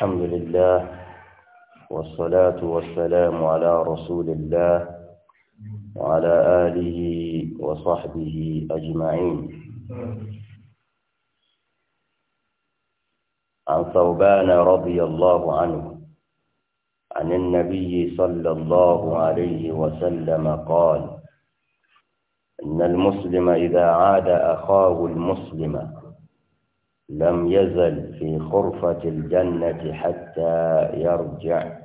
الحمد لله والصلاة والسلام على رسول الله وعلى آله وصحبه أجمعين عن ثوبان رضي الله عنه عن النبي صلى الله عليه وسلم قال إن المسلم إذا عاد أخاه المسلم لم يزل في خرفة الجنة حتى يرجع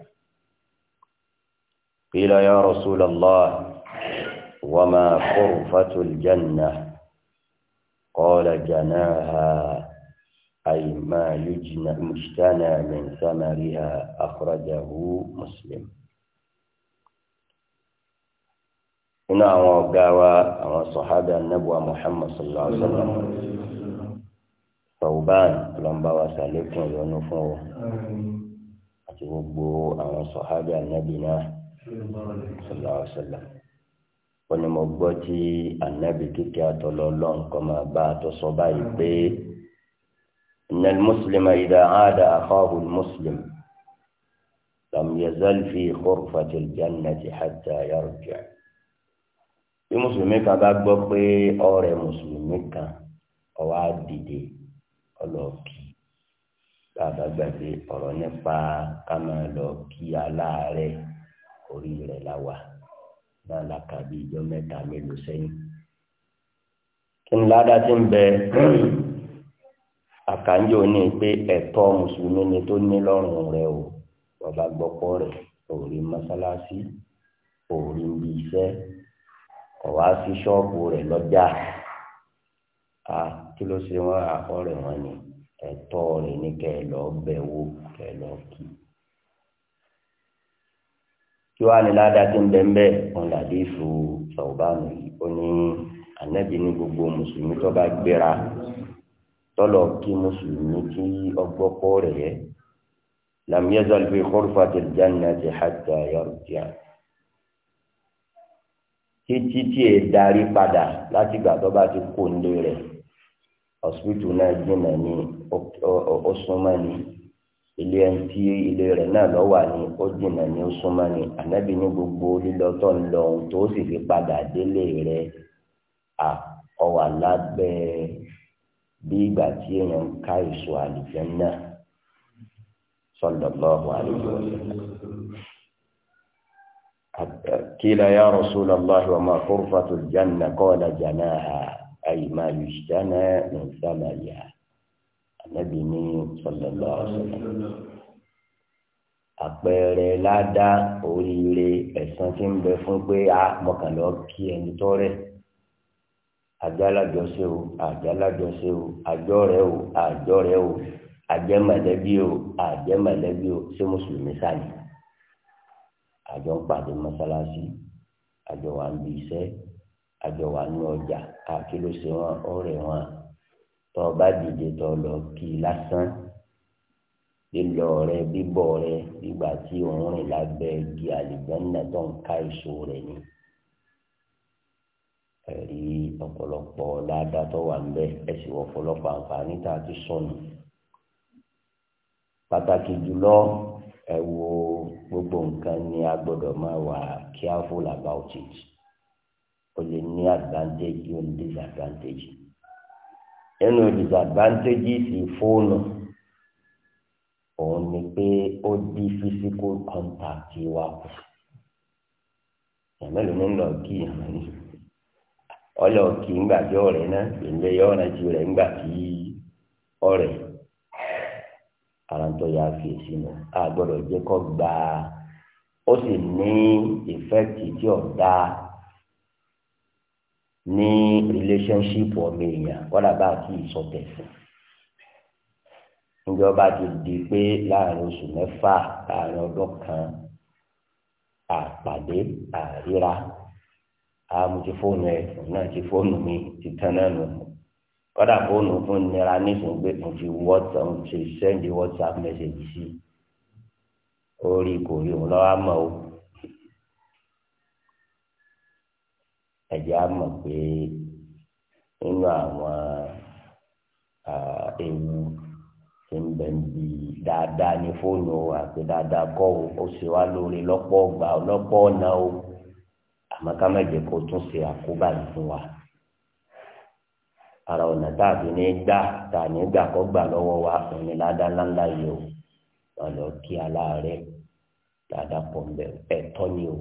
قيل يا رسول الله وما خرفة الجنة قال جناها أي ما يجنى مجتنى من ثمرها أخرجه مسلم هنا أوقعوا وصحابة النبوة محمد صلى الله عليه وسلم Tawban lọ́nba wa sàlékún ìyọnu fún ọ àti gbogbo àwọn sọ̀hábì ànábì náà sallallahu alaihi wasallam. wọ́n ní mo gbọ́ tí ànábì kíkẹ́ àtọ́lọ́ lọ́n kọ́ máa bá àtọ́sọ báyìí pé innal muslima idha aada akhahu al-muslim lam yazal fi khurfati al hatta yarji' bí mùsùlùmí kan bá gbọ́ pé ọ̀rẹ́ mùsùlùmí kan ó wá ọlọ́ọ̀kì bàbá gbàgbé ọ̀rọ̀ nípa ká máa lọ kí aláàárẹ̀ orí rẹ̀ láwà náà làkàbí ìjọ mẹ́ta mélòó sẹ́yìn. kí ni ládàá ti ń bẹ àkànjọ ní pé ẹ̀tọ́ mùsùlùmí ni tó ní lọ́rùn rẹ̀ o bàbá gbọ́pọ̀ rẹ̀ òòrí mọ́sálásí òòrí ibi iṣẹ́ ọ̀wá sí ṣọ́ọ̀bù rẹ̀ lọ́jà a kí ló ṣe wọn àkọọ́rẹ̀ wọn ni ẹ̀tọ́ rẹ̀ ní kẹ́ ẹ lọ bẹ̀ wò kẹ́ ẹ lọ kí kí wàá ní ládàá tí ń bẹ ń bẹ òun làdí ìfò sọ̀bánu yìí ó ní ànábì ní gbogbo mùsùlùmí tó bá gbéra tọ́lọ̀ kí mùsùlùmí kí ọgbọ́pọ̀ rẹ̀ yẹ lam yazal fi khurfatil jannati hatta yarja títí tí ẹ darí padà láti gbà bá ti kó nílé rẹ̀ hospital náà jìnnà ní ó súnmọ́ ní ilé ẹntì ilé rẹ̀ náà lọ wà ní ó jìnnà ní ó súnmọ́ ní ànábì ní gbogbo lílọ tó ń lọ ohun tó sì fi padà délé rẹ̀ ọwà lábẹ́ bí ìgbà tí èèyàn ń ká èso àlùjánnà sallallahu alaihi wasallam. قيل يا رسول الله وما قرفة الجنة قال جناها ayi ma yu sitana ninsala ya anabi ni sọlọlọ sọlọ àpẹẹrẹ ládá oríire ẹ̀san tí ń bẹ fún pé a mọkànlọ kí ẹni tọ rẹ àjálàjọṣe o àjálàjọṣe o àjọ rẹ o àjọ rẹ o àjẹmọlẹbí o àjẹmọlẹbí o ṣé mùsùlùmí sáni àjọ ń pàdé mọ́sálásí àjọ wa ń àjọ wà ní ọjà kí ló ṣe wọn ọ̀rẹ́ wọn tọ bá dìde tọ lọ kí lásán lílọ rẹ bíbọ̀ rẹ nígbà tí òun rìn lábẹ́ igi àlìgbọnà tó ń ká èso rẹ ni ẹ̀rí ọ̀pọ̀lọpọ̀ ládàá tó wà ńbẹ̀ ẹ̀sìn ọ̀pọ̀lọpọ̀ àǹfààní tá a ti sọnù pàtàkì jùlọ ẹ wo gbogbo nǹkan ni a gbọ́dọ̀ máa wà careful about it o lè ní advantage o ní disadvantage nínú disadvantages fóònù òun ni pé ó di physical contact wa kù ìyàmẹ́lò ní lọ kí ìyàmẹ́ ni ọlọ́ kí ńgbà tí ọ̀rẹ́ náà gbẹ̀ngbẹ́ yọ ọ̀rẹ́ tí rẹ̀ ńgbà tí ọ̀rẹ́ àrántọ́ yà fi èsì nù a gbọ́dọ̀ jẹ́ kó gba ó sì ní ìfẹ́kì tí ọ̀ dáa ní relationship ọmọ èèyàn kọ́dà bá a kì í sọ tẹ̀sán ìjọba ti di pé láàrin oṣù mẹ́fà láàrin ọdún kan àpàdé àríra àmú ti fóònù ẹ òun náà ti fóònù mi ti tán náà nù kọ́dà fóònù fún nira nísìnyí pé mo ti whatsapp mo ti send whatsapp message sí orí kò rí òun lọ́wọ́ mọ́ o. ẹ̀jẹ̀ á mọ̀ pé nínú àwọn ewu tí ń bẹ níbi dáadáa ní fóònù o àti dáadáa kọ́ o ó ṣe wá lórí lọ́pọ̀ ọgbà lọ́pọ̀ ọ̀nà o àmọ́ ká má jẹ́ kó tún ṣe àkóbá yìí fún wa ara ọ̀nà tá a fi ní gbà tá a ní gbà kọ́ gbà lọ́wọ́ wa òun ni ládàá ńláńlá yìí o wọn lọ kí aláàárẹ̀ dáadáa pọ̀ ń bẹ ẹ̀tọ́ ni o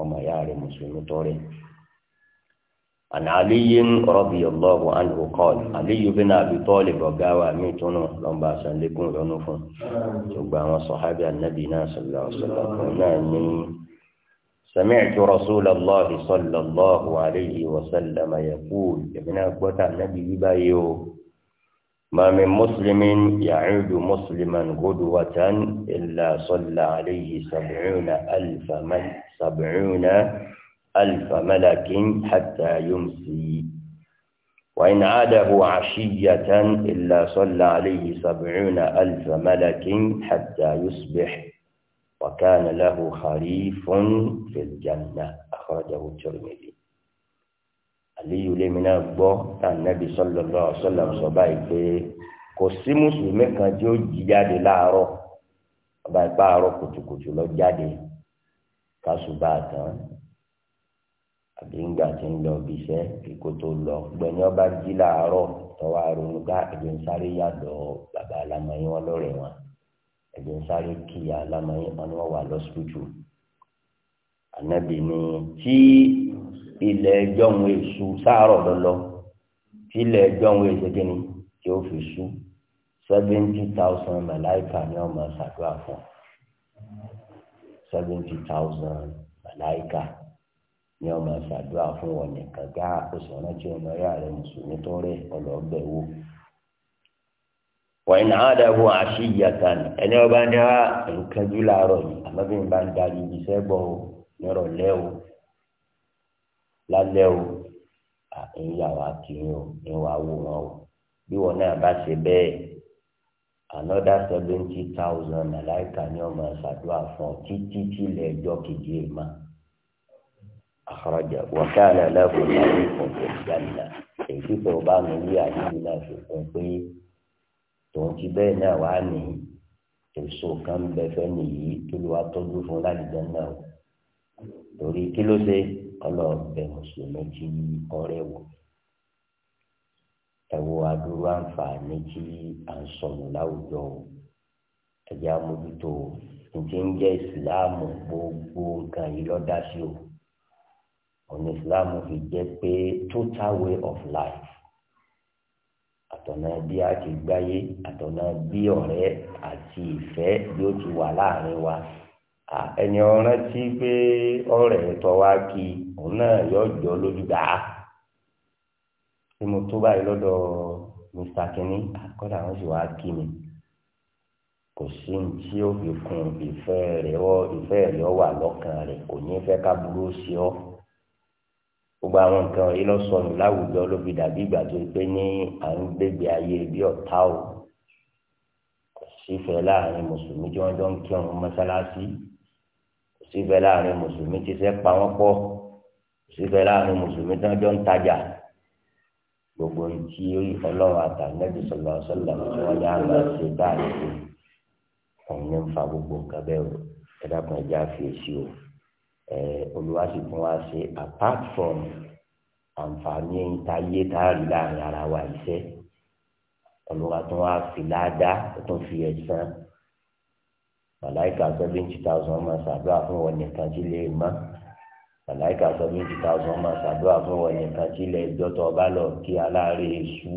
ọmọ ìyá rẹ̀ mùsùlùmí tọ́ rẹ̀. عن علي رضي الله عنه قال علي بن أبي طالب وقاوى ميتون لما سألكم عنوف سبحان صحابة النبي صلى الله عليه وسلم سمعت رسول الله صلى الله عليه وسلم يقول ابن أبوة النبي بايو ما من مسلم يعود مسلما غدوة إلا صلى عليه سبعون ألف من سبعون ألف ملك حتى يمسي وإن عاده عشية إلا صلى عليه سبعون ألف ملك حتى يصبح وكان له خريف في الجنة أخرجه الترمذي aliyu lé mi náà gbọ́ tá nàbì sọlọlọ sọlọ sọ báyìí pé kò sí mùsùlùmí kan tí ó jí jáde láàárọ̀ ọba ìpá àárọ̀ kùtùkùtù lọ jáde kásùbà tán àbí ńgbà tí ń lọ bí iṣẹ́ kíkó tó lọ gbẹ̀ni ọba jí làárọ̀ tọ́wọ́ ah, àrùn ká ẹ̀jẹ̀ ń sáré yàdọ̀ bàbá alámọ̀yìn wọn lọ́rẹ̀ wọn ẹ̀jẹ̀ ń sáré kíyà alámọ̀yìn wọn ni wọ́n wà lọ́sibítù ànábì ni tí ilẹ̀ ẹjọ́ ń èṣù sáárọ̀ lọ́lọ́ tí ilẹ̀ ẹjọ́ ń èṣù kí tí ó fi ṣú seventy thousand màláìkà ni wọ́n máa ṣàdúrà fún seventy thousand màláìkà ni ọmọ ṣàdúrà fún wọn nìkan gá oṣù rántí ọmọ ẹyà rẹ mùsùlùmí tó rẹ ọlọgbẹ wò. wọ́n iná àdàbò àṣì ìyàtà ni ẹni ọba ní a nǹkan jù láàárọ̀ yìí àmọ́ bí n bá ń darí ibi iṣẹ́ bọ̀ o nírọ̀lẹ́ o lálẹ́ o ìyàwó akínyìn o ìwà wò wọn o bí wọn náà bá ṣe bẹ́ẹ̀ another seventy thousand nàláìka ni ọmọ ṣàdúrà fún ọ títí tí ilẹ̀ ẹjọ́ kejì ẹ̀ máa àkàràjà wàkàlà lẹ́kùn láti fọ̀tẹ̀ ìjàlá èyí tó bá mi rí àdéhùn náà fi kún pé tòun ti bẹ́ẹ̀ náà wà ní èso kan bẹ fẹ́ nìyí tó lè wá tọ́jú fún ládìjọ́ náà torí kí ló ṣe ọlọ́ọ̀bẹ mùsùlùmí tí ọrẹ wò ẹ wo adúrú àǹfààní tí à ń sọnù láwùjọ ẹ̀jẹ̀ amójútó ǹjẹ́ ń jẹ́ ìsìláàmù gbogbo nǹkan yìí lọ́dá sí o ọ̀nà islam fi jẹ́ pé total way of life àtọ̀nà bí a ti gbáyé àtọ̀nà bí ọ̀rẹ́ àti ìfẹ́ bí ó ti wà láàrin wa ẹni ọ̀rẹ́ tí pé ọ̀rẹ́ tọ́ wa kí òun náà yọ jọ lójú gbà á tó báyìí lọ́dọ̀ mr kínní àkọ́dà wọn sì wá kí mi kò sí ní tí ó fi kún ìfẹ́ rẹ̀ ọ ìfẹ́ rẹ̀ ọ wà lọ́kàn rẹ̀ kò ní fẹ́ ká burú sí ọ gbogbo àwọn nǹkan yìí lọ sọnù láwùjọ ló fi dàbí ìgbà tó pé ní à ń gbégbé ayé bí ọ̀tá o sífẹ̀ láàrin mùsùlùmí tí wọ́n jọ ń kírun mọ́sálásí sífẹ̀ láàrin mùsùlùmí tí ṣe pa wọ́n pọ̀ sífẹ̀ láàrin mùsùlùmí tí wọ́n jọ ń tajà gbogbo tí ọlọ́run àtàlẹ́bí sọ̀lọ̀ sọ̀lọ̀ tí wọ́n yá lọ sí báyìí òun ní ń fa gbogbo nǹkan bẹ́ẹ̀ o ẹ̀dá kan ẹja fi èsì o. Eh, olúwa sì tún wá ṣe apart from àǹfààní táyé táàrí láàrin ara wa iṣẹ́ olúwa tún wá fi ládàá ó tún fi ẹ̀san màláìka seventy thousand ọmọ ṣàdúrà fún wọn nìkan tí lè mọ́ màláìka seventy thousand ọmọ ṣàdúrà fún wọn nìkan tí lè jọ́tọ̀ ọba lọ kí aláàárẹ̀ èṣù.